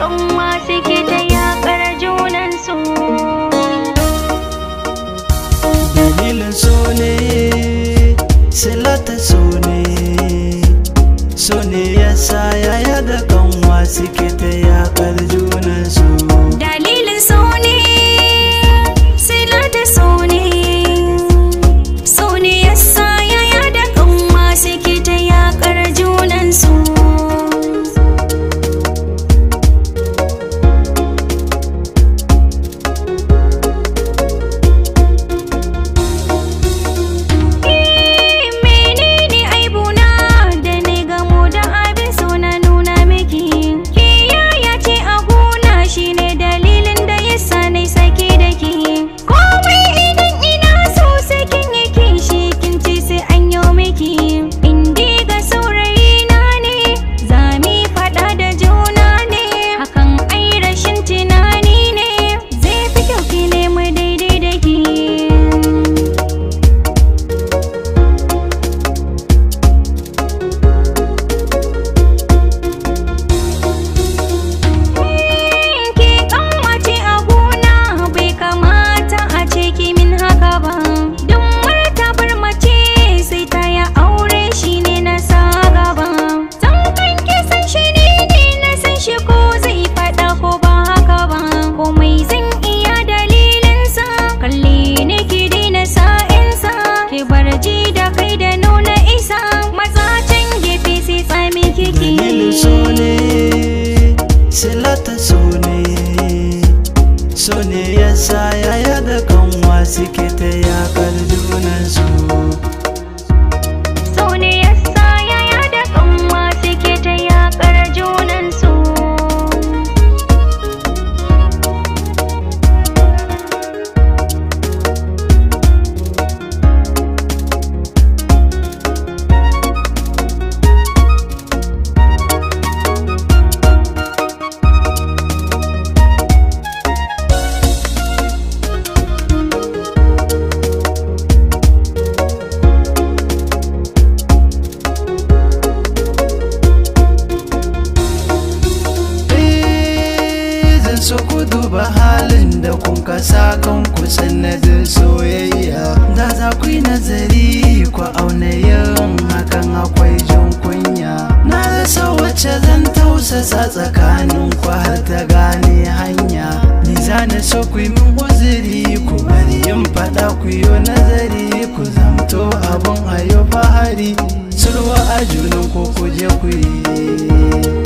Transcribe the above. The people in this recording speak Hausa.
al'umma suke ta yakar junansu dalilin so ne silata so ne ya sa da kanwa suke ta yasa yaya da kanwa suke ta yakar junansu su ku duba halin da kun kasa kanku sanadin soyayya da za ku yi nazari ku auna yin hakan akwai jin kunya na rasa wacce zan tausasa tsakanin ku har ta gane hanya ni zane so ku yi min uzuri ku bari yin fada ku yi nazari ku zamto abun ayo fahari sulwa a junan ku kuje ku yi